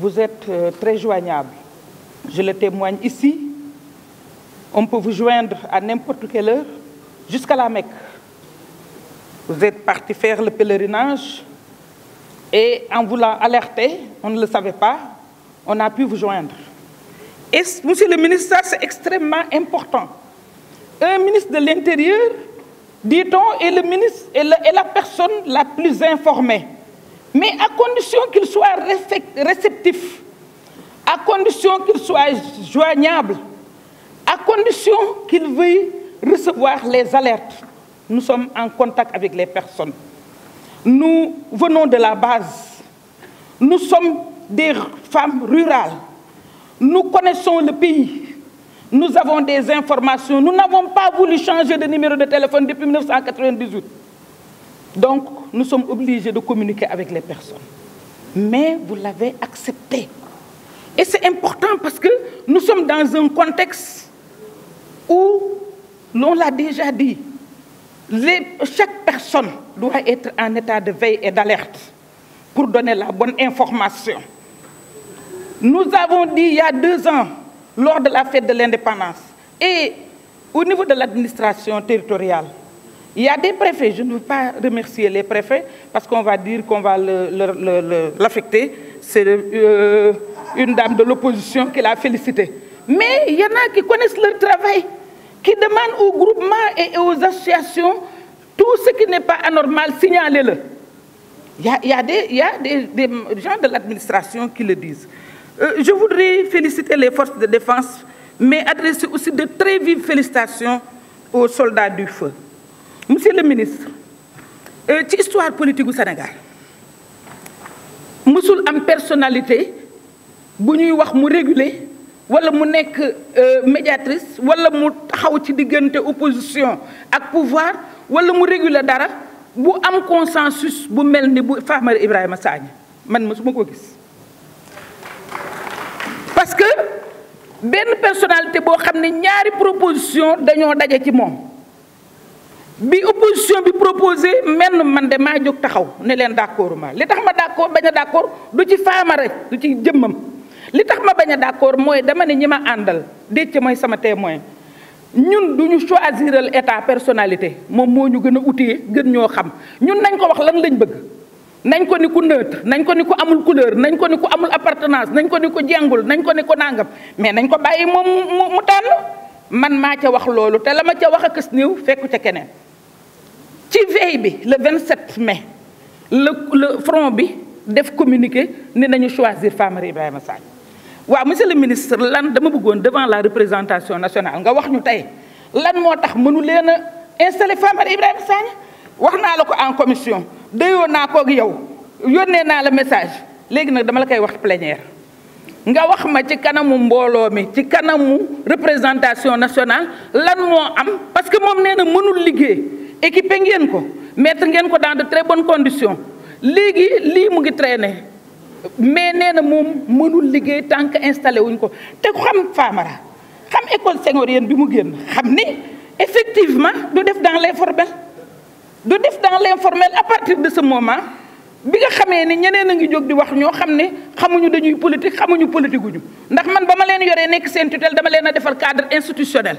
vous êtes euh, très joignable. Je le témoigne ici. On peut vous joindre à n'importe quelle heure jusqu'à la Mecque. Vous êtes parti faire le pèlerinage et en voulant alerté, on ne le savait pas, on a pu vous joindre. Et, monsieur le ministre, ça c'est extrêmement important. Un ministre de l'Intérieur, dit-on, est, le est la personne la plus informée mais à condition qu'il soit réceptif, à condition qu'il soit joignable, à condition qu'il veuille recevoir les alertes. Nous sommes en contact avec les personnes. Nous venons de la base. Nous sommes des femmes rurales. Nous connaissons le pays. Nous avons des informations. Nous n'avons pas voulu changer de numéro de téléphone depuis 1998. Donc, nous sommes obligés de communiquer avec les personnes. Mais vous l'avez accepté. Et c'est important parce que nous sommes dans un contexte où, l'on l'a déjà dit, chaque personne doit être en état de veille et d'alerte pour donner la bonne information. Nous avons dit il y a deux ans, lors de la fête de l'indépendance, et au niveau de l'administration territoriale, il y a des préfets, je ne veux pas remercier les préfets parce qu'on va dire qu'on va l'affecter. C'est euh, une dame de l'opposition qui l'a félicité. Mais il y en a qui connaissent leur travail, qui demandent aux groupements et aux associations tout ce qui n'est pas anormal, signalez-le. Il y a, des, gens de l'administration qui le disent. Euh, je voudrais féliciter les forces de défense, mais adresser aussi de très vives félicitations aux soldats du feu monsieur le ministre dans euh, l'histoire politique du Sénégal pas am personnalité bu ñuy wax mu réguler wala mu nekk euh, médiatrice wala mu taxaw ci diggante opposition ak pouvoir wala mu réguler dara bu am consensus bu mel ni bu Famara Ibrahima Sagna man mësuma ko gis parce que une personnalité qui a ne ñaari proposition dañoo daje ci M'om. bi opposition bi proposé menn man de maa jóg taxaw ne leen d'accord ma li tax ma d'accord bañ a d'accord du ci faama rek du ci jëmmam li tax ma bañ a d'accord mooy dama ne ñi ma àndal décc mooy sama témoin ñun du ñu choisiral état personnalité moom moo ñu gën a outillé gën ñoo xam ñun nañ ko wax lan lañ bëgg nañ ko ni ku neutre nañ ko ni ku amul couleur nañ ko ni ku amul appartenance nañ ko ni ku jengul nañ ko ni ku nàngam mais nañ ko bàyyi moom mu tànn man maa ca wax loolu te la ma ca wax ak kës néew fekku ca keneen le 27 mai le front bi def communiqué choisir Famara Ibrahima monsieur le ministre devant la représentation nationale nga wax ñu tay mënu en commission deyo Nous ak yow le message légui Nous dama la kay wax plénière nga wax ma ci kanamu mi ci kanamu représentation nationale parce que nous équipé ngeen dans de très bonnes conditions mu ngi traîner mais tant que installé wuñ xam Famara xam école bi mu xam ni effectivement def dans l'informel def dans l'informel à partir de ce moment bi nga ni ñeneen a di wax xamuñu dañuy politique xamuñu ndax man tutelle dama cadre institutionnel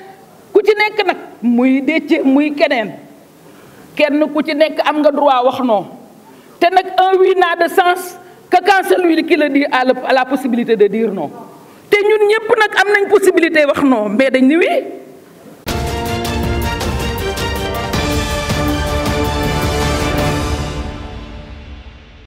ku ci nekk nag muy décce muy keneen kenn ku ci nekk am nga droit wax noo te nag un oui n'a de sens que quand celui qui le dit a la possibilité de dire non te ñun ñëpp nag am nañ possibilité wax non mais dañ ni oui